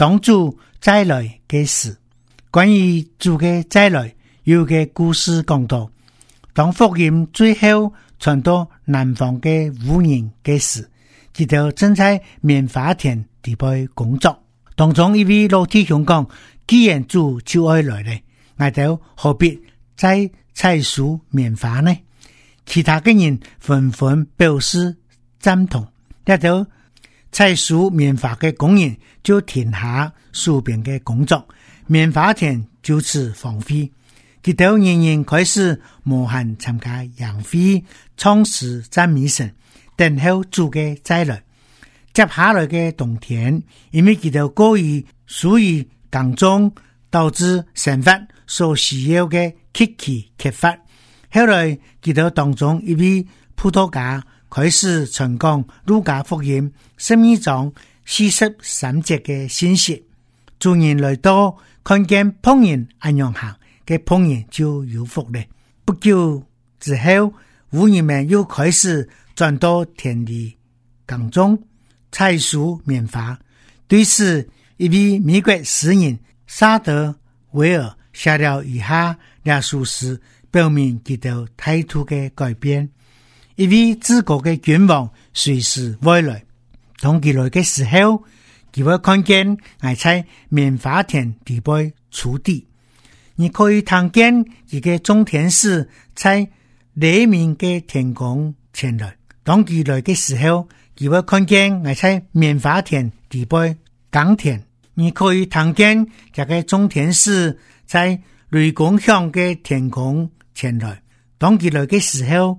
當主再來嘅時，關於主嘅再來，有嘅故事講到，當福音最後傳到南方嘅五人嘅時，佢哋正在棉花田地背工作，當中一位老弟兄咁講，既然主就愛來咧，我哋何必再採收棉花呢？其他嘅人紛紛表示贊同，一頭。採收棉花的工人就停下手邊的工作，棉花田就此荒廢。佢哋人人開始無限參加養肥，充實真米神，等候主嘅再來。接下來的冬天，因為佢哋過於疏於耕種，導致生產所需要嘅極其缺乏。後來佢哋當中一位葡萄架。開始傳講路加福音十二章四十三節嘅信息，主人來到看見僕人銀行嘅僕人就有福咧。不久之後，婦女們又開始轉到田地耕種，採拾棉花。對此，一位美國詩人薩德維爾寫了以下兩首詩表明佢哋態度嘅改變。一位祖國嘅君王隨時會來，當佢來嘅時候，佢會看見我在棉花田地部鋤地。你可以看見一個種田士在黎明嘅天空前來。當佢來嘅時候，佢會看見我在棉花田地部耕田。你可以看見一個種田士在雷公響嘅天空前來。當佢來嘅時候。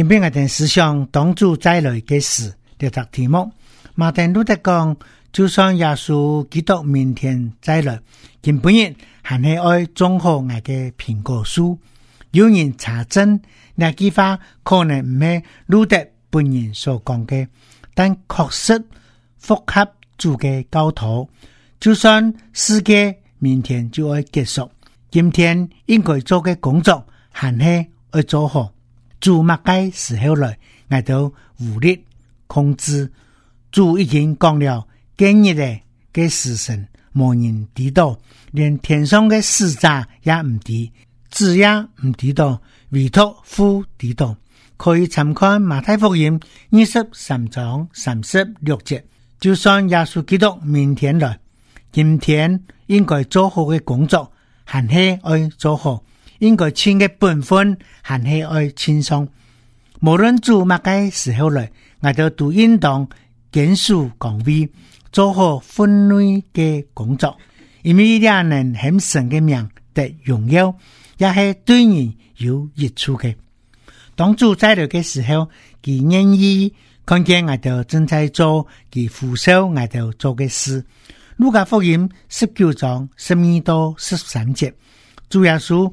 今日我哋思想當主再來個事，閱讀題目。馬丁路德講，就算耶穌基督明天再來，今天本夜還係愛做好我的蘋果樹。有人查證，那句話可能唔係路德本人所講嘅，但確實符合主嘅教徒。就算世界明天就會結束，今天應該做嘅工作，還係愛做好。做末屆時候來，挨到無力控制。主已經講了，今日的時辰無人知道，連天上嘅使者也唔知，子也唔知道，委托夫知道。可以參看馬太福音二十三章三十六節。就算耶穌基督明天來，今天應該做好嘅工作，還是愛做好。應該穿嘅本分，係去愛穿上。無論做乜嘅時候嚟，我就都應當堅守崗位，做好分內嘅工作。因為兩人很神嘅命，得榮耀，也是對人有益處嘅。當主再來嘅時候，佢願意看見我哋正在做佢扶手，外頭做嘅事。路加福音十九章十二到十三節，主要書。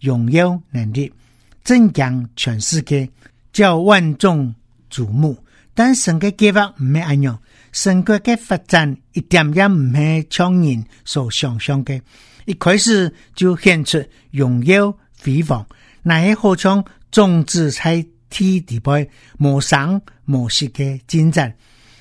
擁有能力，增強全世界，叫萬眾矚目。但神國嘅計劃唔係安樣，神國嘅發展一點也唔係常人所想象嘅。一開始就顯出擁有輝煌，那些好像種子才天地碑，無上無息嘅進展。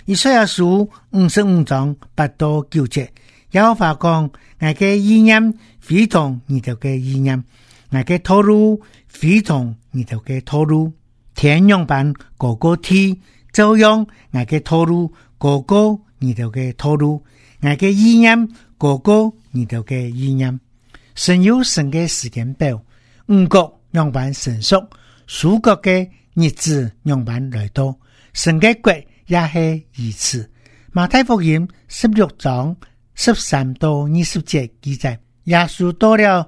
以賽亞書五十五章八到九節，有話講我嘅意念非同你特嘅意念。我嘅道路、非同，你就嘅道路，天養板高過地，照樣我嘅道路、高過，你就嘅道路；我嘅意念高過，你就嘅意念。神有神的時間表，五、嗯、穀樣板成熟，蜀國的日子樣板來到。神的國也係如此。馬太福音十六章十三到二十節記載，耶穌到了。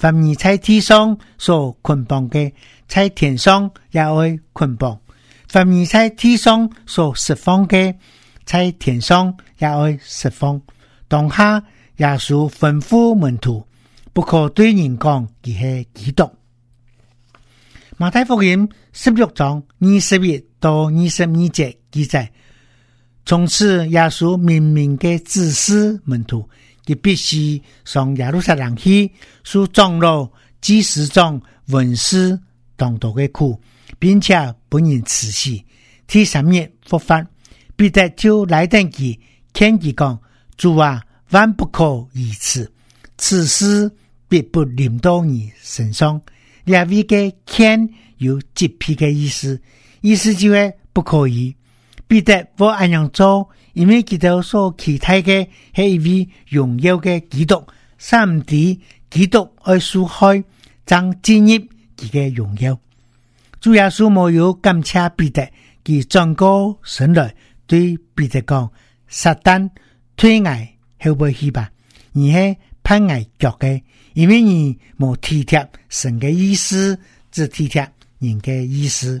凡你在地上所捆綁的，在天上也會捆綁；凡你在地上所釋放的，在天上也會釋放。當下耶穌吩咐門徒，不可對人講其係基督。馬太福音十六章二十一到二十二節記載：從此耶穌明明嘅指示門徒。你必須從耶路撒冷起，受長老、祭司長文士同頭嘅苦，並且不因辭謝，第三日復活，彼得就來登記，勸其講，主啊萬不可如此，此事必不臨到你身上。兩位嘅“勸”有責備嘅意思，意思就係不可以，彼得我安樣做。因為叫他所其他嘅希伯榮耀的基督，甚至基督愛樹開，將專業佢嘅榮耀，主耶穌沒有感謝彼得，佢將高神來對彼得講，撒旦退矮後背去吧，你係攀矮腳嘅，因為你冇體貼神的意思，只體貼人的意思。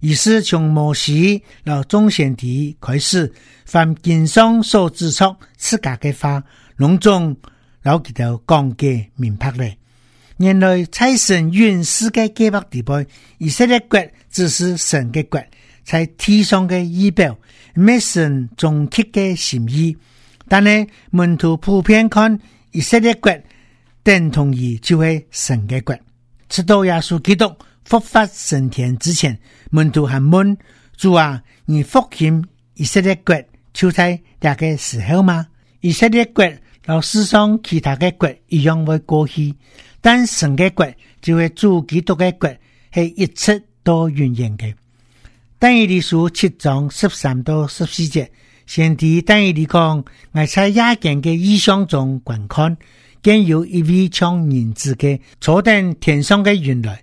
於是從摩西到眾先知開始，凡經上所指出自家嘅話，攏將老幾條講嘅明白咧。原來財神原始嘅揭白地位，以色列國只是神嘅國，在天上嘅儀表，沒中的神終極嘅心意。但係門徒普遍看以色列國等同於就係神嘅國，直到耶穌基督。佛法成田之前，門徒還問：“主啊，你復興以色列國，就在這個時候嗎？以色列國和世上其他的國一樣會過去；但整個國就會主基督個國，係一切都預言嘅。但以理”《丹尼爾書》七章十三到十四節，上帝等於爾講：“我在夜間嘅異象中觀看，見有一位穿銀子嘅坐等天上嘅雲來。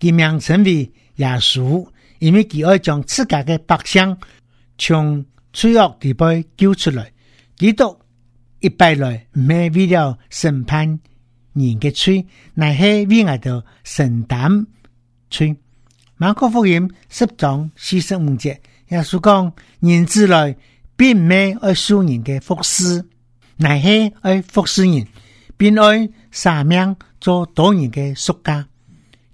佢名稱為耶穌，因為佢愛將自家的百姓從罪惡地背救出來。基督一輩來唔係為了審判人的罪，乃係為了承擔罪。馬可福音十章四十五節，耶穌講：人之內並唔係愛受人的服侍，乃係愛服侍人，並愛捨命做多人的贖價。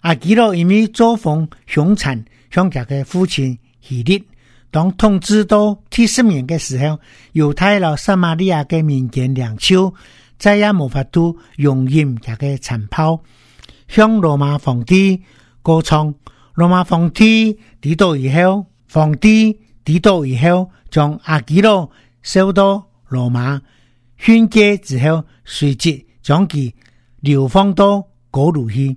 阿基老因為作風兇殘，向他的父親起立。當統治到七十年的時候，猶太人撒瑪利亞的民間領袖再也無法度容忍佢嘅殘暴，向羅馬皇帝告狀。羅馬皇帝知道以後，皇帝知道以後，將阿基老收到羅馬宣介之後，隨即將其流放到高盧去。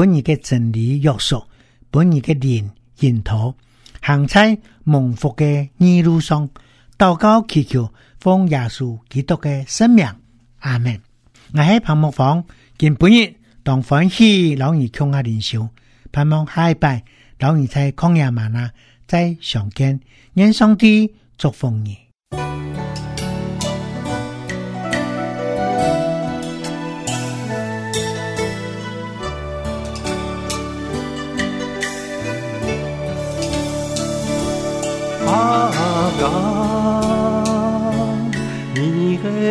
本日嘅真理約束，本日嘅言言妥，行在蒙福嘅義路上，禱告祈求，奉耶穌基督嘅生命。阿門。我喺彭木房見本日，當歡喜，老二窮下靈修，盼望下禮拜，老二在曠野嗎哪，再相見，願上帝祝福你。